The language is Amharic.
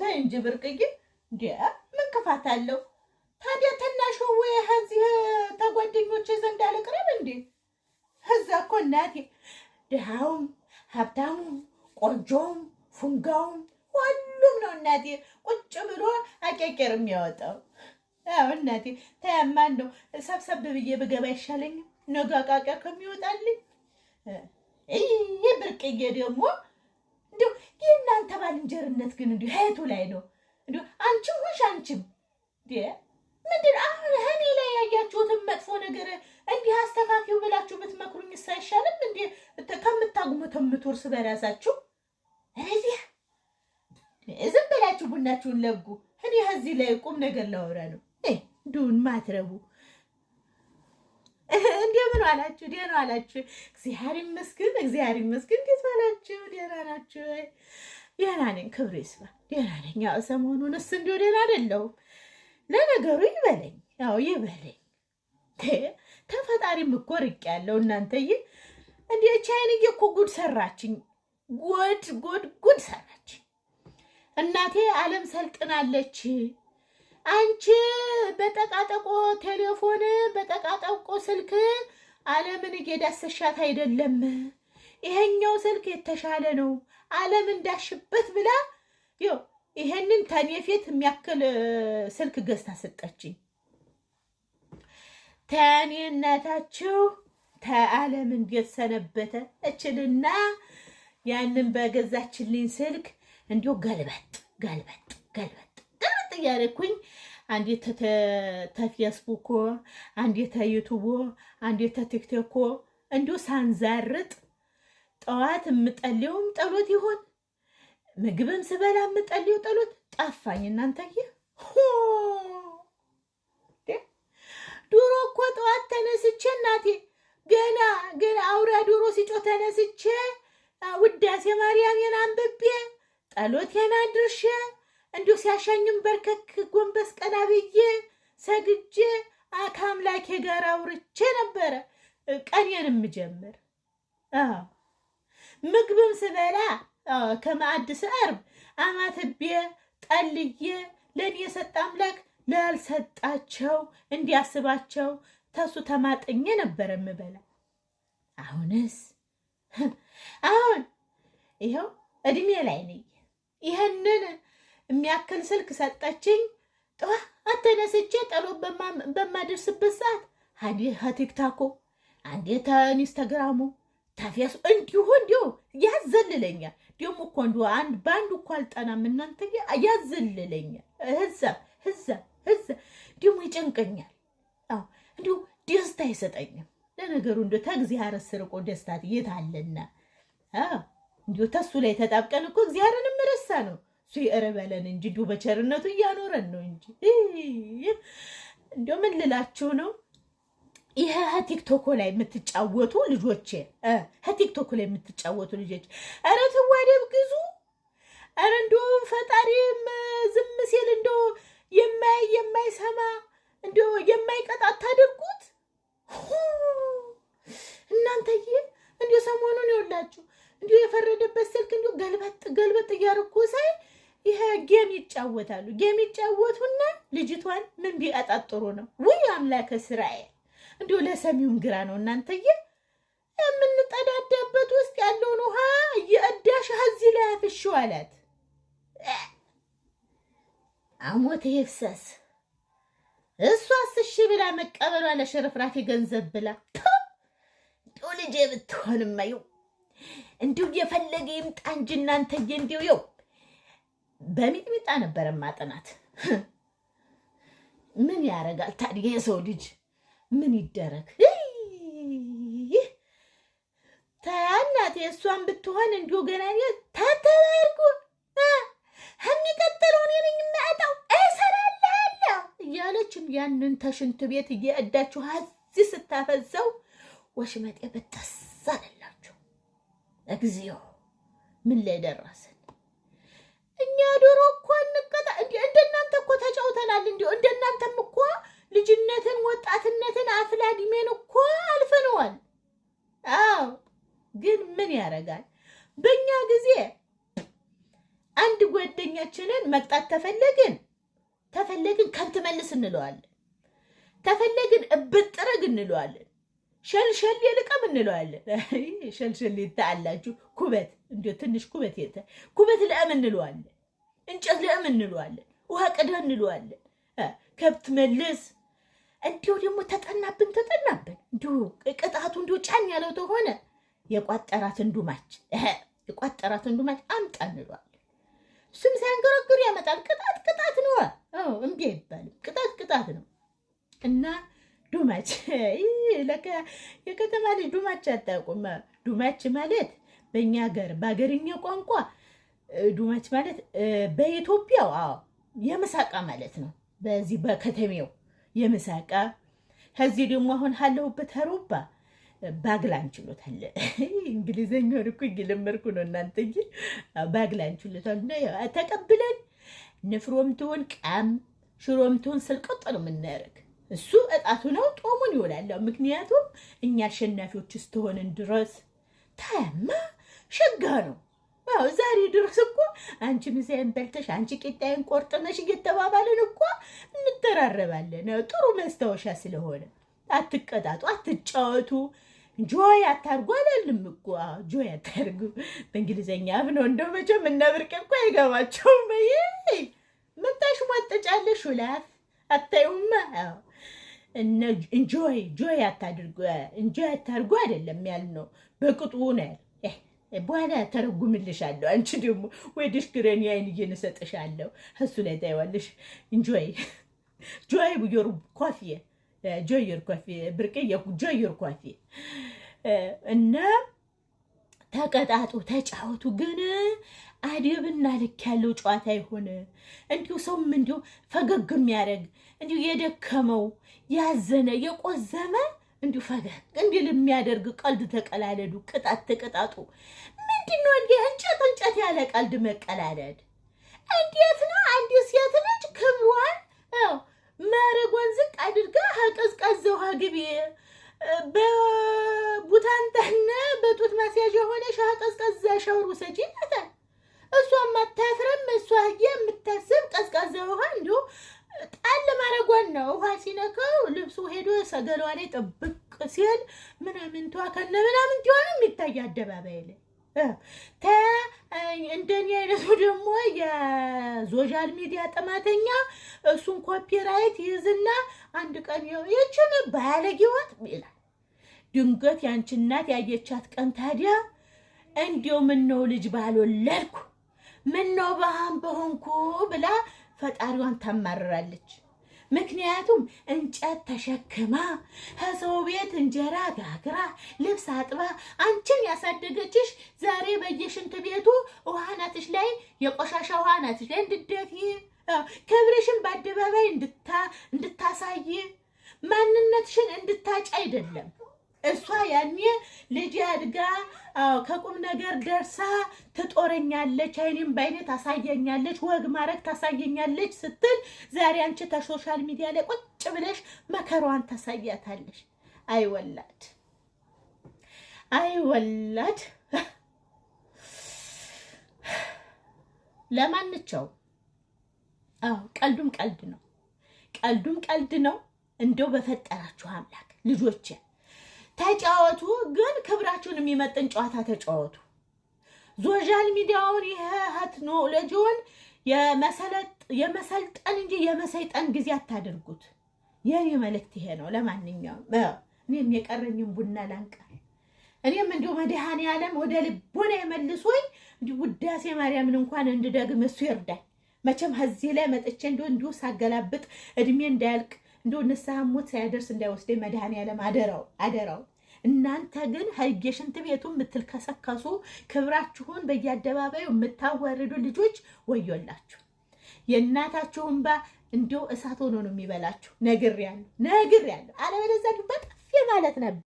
ተይ እንጂ ብርቅዬ፣ እንደ ምን ክፋት አለው ታዲያ? ትናሽ ወይ ከዚህ ተጓደኞቼ ዘንድ አልቅረብ እንዴ? እዛ እኮ እናቴ ድሃውም ሀብታሙም ቆንጆውም ፉንጋውም ሁሉም ነው እናቴ ቁጭ ብሎ አቄቄር የሚያወጣው። አዎ እናቴ ተያማን ነው ሰብሰብ ብዬ ብገባ አይሻለኝም? ነገ አቃቂያ ከሚወጣልኝ ይህ ብርቅዬ ደግሞ የእናንተ ባልንጀርነት ግን እንዲሁ ሀየቱ ላይ ነው። እንዲሁ አንቺም ሁሽ አንቺም ምንድን አሁን እኔ ላይ ያያችሁትን መጥፎ ነገር እንዲህ አስተካኪው ብላችሁ ብትመክሩኝ ሳይሻልም እንዲ ከምታጉመተምቱ እርስ በራሳችሁ እዚህ ዝም ብላችሁ ቡናችሁን ለጉ። እኔ ከዚህ ላይ ቁም ነገር ላወራ ነው። ዱን ማትረቡ እንደምን ዋላችሁ? ደህና አላችሁ? እግዚአብሔር ይመስገን፣ እግዚአብሔር ይመስገን። እንዴት ዋላችሁ? ደህና ናችሁ? ደህና ነኝ፣ ክብሩ ይስፋ። ደህና ነኝ። ያው ሰሞኑንስ እንዲሁ ደህና አይደለሁም። ለነገሩ ይበለኝ፣ ያው ይበለኝ። ተፈጣሪም እኮ ርቅ ርቄያለሁ። እናንተዬ እንዴ ቻይንዬ እኮ ጉድ ሰራችኝ። ጉድ ጉድ ጉድ ሰራችኝ። እናቴ ዓለም ሰልጥናለች አንቺ በጠቃጠቆ ቴሌፎን በጠቃጠቆ ስልክ ዓለምን እየዳሰሻት አይደለም። ይሄኛው ስልክ የተሻለ ነው፣ ዓለም እንዳሽበት ብላ ይኸው ይሄንን ተኔ ፊት የሚያክል ስልክ ገዝታ ሰጠችኝ። ተኔ እናታችሁ ተዓለም እንዴት ሰነበተ እችልና ያንን በገዛችልኝ ስልክ እንዲሁ ገልበጥ ገልበጥ ገልበጥ እያደረኩኝ አንዴ ተፌስቡኮ፣ አንዴ ተዩቱቦ፣ አንዴ ተቲክቶኮ እንዲሁ ሳንዛርጥ ጠዋት የምጠሌውም ጠሎት ይሆን ምግብም ስበላ የምጠሌው ጠሎት ጠፋኝ። እናንተዬ ዶሮ እኮ ጠዋት ተነስቼ እናቴ ገና ገና አውራ ዶሮ ሲጮ ተነስቼ ውዳሴ ማርያም የናንብቤ ጠሎቴን አድርሼ እንዲሁ ሲያሻኝም በርከክ ጎንበስ ቀና ብዬ ሰግጄ ከአምላኬ ጋር አውርቼ ነበረ ቀኔን የምጀምር። ምግብም ስበላ ከማዕድ ስቀርብ አማትቤ ጠልዬ ለእኔ የሰጠ አምላክ ላልሰጣቸው እንዲያስባቸው ተሱ ተማጠኘ ነበረ የምበላ። አሁንስ አሁን ይኸው እድሜ ላይ ነኝ ይህንን የሚያክል ስልክ ሰጠችኝ። ጠዋት ተነስቼ ጸሎት በማደርስበት ሰዓት አንዴ ቲክታኮ አንዴ ተኢንስታግራሙ ታፊያሱ እንዲሁ እንዲሁ ያዘልለኛል። ደግሞ እኮ እንዲ አንድ በአንድ እኮ አልጠናም እናንተ ያዘልለኛል። ህዛ ህዛ ህዛ ደግሞ ይጨንቀኛል። እንዲሁ ደስታ አይሰጠኝም። ለነገሩ እንዲ ተእግዚአብሔር ስርቆ ደስታት የት አለና እንዲሁ ተሱ ላይ ተጣብቀን እኮ እግዚአብሔርን ምረሳ ነው እሱ ኧረ በለን እንጂ እንዲሁ በቸርነቱ እያኖረን ነው እንጂ እንዲያው ምን ልላችሁ ነው ይሄ ቲክቶክ ላይ የምትጫወቱ ልጆቼ ቲክቶክ ላይ የምትጫወቱ ልጆች ኧረ ትዋደብ ግዙ ኧረ እንዲሁም ፈጣሪ ዝም ሲል እንዲያው የማይ የማይሰማ እንዲ የማይቀጣ አታደርጉት እናንተዬ እንዲያው ሰሞኑን ይኸውላችሁ እንዲሁ የፈረደበት ስልክ እንዲሁ ገልበጥ ገልበጥ እያደረኩ ሳይ ይሄ ጌም ይጫወታሉ። ጌም ይጫወቱና ልጅቷን ምን ቢያጣጥሩ ነው? ውይ አምላከ እስራኤል፣ እንዲሁ ለሰሚውም ግራ ነው። እናንተዬ የምንጠዳዳበት ውስጥ ያለውን ውሃ እየእዳሽ እዚህ ላይ አፍሽው አላት። አሞት ይፍሰስ። እሷስ እሺ ብላ መቀበሏ ለሽርፍራፊ ገንዘብ ብላ እንዲሁ ልጄ ብትሆንማ ይኸው እንዲሁ የፈለገ ይምጣ እንጂ እናንተዬ እንዲሁ ይኸው በሚጥሚጣ ነበረ ማጥናት። ምን ያደርጋል ታዲያ የሰው ልጅ ምን ይደረግ? ታናት የእሷን ብትሆን እንዲሁ ገና ታተባርኩ የሚቀጥለውን የነኝ ማጣው እሰራለሁ እያለችም ያንን ተሽንት ቤት እየእዳችሁ እዚህ ስታፈዘው ወሽመጤ በጠሳ እግዚኦ ምን ላይ ደረሰ? እኛ ዶሮ እኮ እንቀጣ እንደናንተ እኮ ተጫውተናል። እንዲ እንደናንተም እኮ ልጅነትን፣ ወጣትነትን፣ አፍላ ዕድሜን እኮ አልፈነዋል። አዎ፣ ግን ምን ያደርጋል በእኛ ጊዜ አንድ ጓደኛችንን መቅጣት ተፈለግን ተፈለግን ከብት መልስ እንለዋለን። ተፈለግን እብጥረግ እንለዋለን። ሸልሸሌ ልቀም እንለዋለን። ሸልሸሌ ይታላችሁ ኩበት እንዲ ትንሽ ኩበት የተ ኩበት ልቀም እንለዋለን። እንጨት ልቀም እንለዋለን። ውሃ ቅዳ እንለዋለን። ከብት መልስ እንዲሁ ደግሞ ተጠናብን ተጠናብን እንዲሁ ቅጣቱ እንዲሁ ጫን ያለው ተሆነ የቋጠራት እንዱማች የቋጠራት እንዱማች አምጣ እንለዋለን። እሱም ሳያንገረግር ያመጣል። ቅጣት ቅጣት ነው። እምቢ አይባልም። ቅጣት ቅጣት ነው እና ዱማች የከተማ ልጅ ዱማች አታውቁም። ዱማች ማለት በእኛ ሀገር በሀገርኛ ቋንቋ ዱማች ማለት በኢትዮጵያው የምሳቃ ማለት ነው። በዚህ በከተሜው የምሳቃ ከዚህ ደግሞ አሁን ካለሁበት አውሮፓ ባግላን ችሎታል። እንግሊዘኛ እኮ እየለመድኩ ነው እናንተ እንጂ ባግላን ችሎታል። ተቀብለን ንፍሮም ትሆን ቃም ሽሮም ትሆን ስልቅጥ ነው የምናደርግ እሱ እጣቱ ነው ጦሙን ይውላል። ምክንያቱም እኛ አሸናፊዎች እስከሆንን ድረስ ታያማ ሸጋ ነው። አዎ ዛሬ ድረስ እኮ አንቺ ምሳዬን በልተሽ አንቺ ቂጣዬን ቆርጥነሽ እየተባባልን እኮ እንተራረባለን። ጥሩ መስታወሻ ስለሆነ አትቀጣጡ፣ አትጫወቱ። ጆይ አታርጉ አላልም እኮ ጆይ አታርጉ በእንግሊዘኛ አፍ ነው እንደው መቼም እና እኮ አይገባቸውም። ይ መታሽ ሟጠጫለሽ ውላፍ አታዩማ እንጆይ ጆይ አታድርጉ እንጆይ አታድርጉ አይደለም ያልነው፣ በቅጡ ነው ያል በኋላ ተረጉምልሻለሁ። አንቺ ደግሞ ወይድሽ ግረን አይንዬን እሰጥሻለሁ። እሱ ላይ ታይዋለሽ። እንጆይ ጆይ ብዮር ኮፊ ጆይ ዮር ኮፊ ብርቅዬ ጆይ ዮር ኮፊ እና ተቀጣጡ፣ ተጫወቱ። ግን አደብና ልክ ያለው ጨዋታ የሆነ እንዲሁ ሰውም እንዲሁ ፈገግ የሚያደርግ እንዲሁ የደከመው ያዘነ የቆዘመ እንዲሁ ፈገግ እንዲል የሚያደርግ ቀልድ ተቀላለዱ። ቅጣት ተቀጣጡ። ምንድን ነው እንዲ እንጨት እንጨት ያለ ቀልድ መቀላለድ እንዴት ነው? አንድ ሴት ልጅ ክብሯን መረጓን ዝቅ አድርጋ ቀዝቃዛ ውሃ ግቢ በቡታንታና በጡት ማስያዥ የሆነ ሻህ ቀዝቃዛ ሻወር ውሰጂ ይላታል። እሷ የማታፍርም እሷ የምታስብ ቀዝቃዛ ውሃ እንዲሁ ጣል ማድረጓን ነው። ውሃ ሲነከው ልብሱ ሄዶ ሰገሏ ላይ ጥብቅ ሲል ምናምንቷ ከነ ምናምንት ሆንም ይታይ አደባባይ ላይ እንደኔ አይነቱ ደግሞ የሶሻል ሚዲያ ጥማተኛ እሱን ኮፒራይት ይዝና አንድ ቀን ይችን ባለጌወት ይላል። ድንገት ያንቺ እናት ያየቻት ቀን ታዲያ እንዲው ምነው ልጅ ባልወለድኩ ምነው በሃም በሆንኩ ብላ ፈጣሪዋን ታማርራለች። ምክንያቱም እንጨት ተሸክማ ከሰው ቤት እንጀራ ጋግራ ልብስ አጥባ አንቺን ያሳደገችሽ ዛሬ በየሽንት ቤቱ ውሃ ናትሽ ላይ የቆሻሻ ውሃ ናትሽ ላይ እንድደፊ ክብርሽን በአደባባይ እንድታሳይ ማንነትሽን እንድታጭ አይደለም እሷ ያኔ ልጅ አድጋ ከቁም ነገር ደርሳ ትጦረኛለች፣ አይኔም በአይኔ ታሳየኛለች፣ ወግ ማድረግ ታሳየኛለች ስትል ዛሬ አንቺ ተሶሻል ሚዲያ ላይ ቁጭ ብለሽ መከሯን ታሳያታለሽ። አይወላድ አይወላድ ለማንቸው አዎ፣ ቀልዱም ቀልድ ነው፣ ቀልዱም ቀልድ ነው። እንደው በፈጠራችሁ አምላክ ልጆቼ ተጫወቱ፣ ግን ክብራችሁን የሚመጥን ጨዋታ ተጫወቱ። ሶሻል ሚዲያውን ይሄ ቴክኖሎጂውን የመሰልጠን እንጂ የመሰይጠን ጊዜ አታደርጉት። የኔ መልእክት ይሄ ነው። ለማንኛውም እኔም የቀረኝም ቡና ላንቃል። እኔም እንዲሁ መድኃኔዓለም ወደ ልቦና የመልሶኝ እንዲሁ ውዳሴ ማርያምን እንኳን እንድደግም እሱ ይርዳኝ። መቼም ከዚህ ላይ መጥቼ እንዲሁ እንዲሁ ሳገላብጥ እድሜ እንዳያልቅ እንደ ንስሐ ሞት ሳያደርስ እንዳይወስደኝ መድኃኔዓለም አደራው አደራው። እናንተ ግን ህግ የሽንት ቤቱ የምትልከሰከሱ ክብራችሁን በየአደባባዩ የምታዋርዱ ልጆች ወዮላችሁ። የእናታችሁን እንባ እንዲሁ እሳት ሆኖ ነው የሚበላችሁ። ነግሬያለሁ ነግሬያለሁ። አለበለዚያ በጠፊ ማለት ነበር።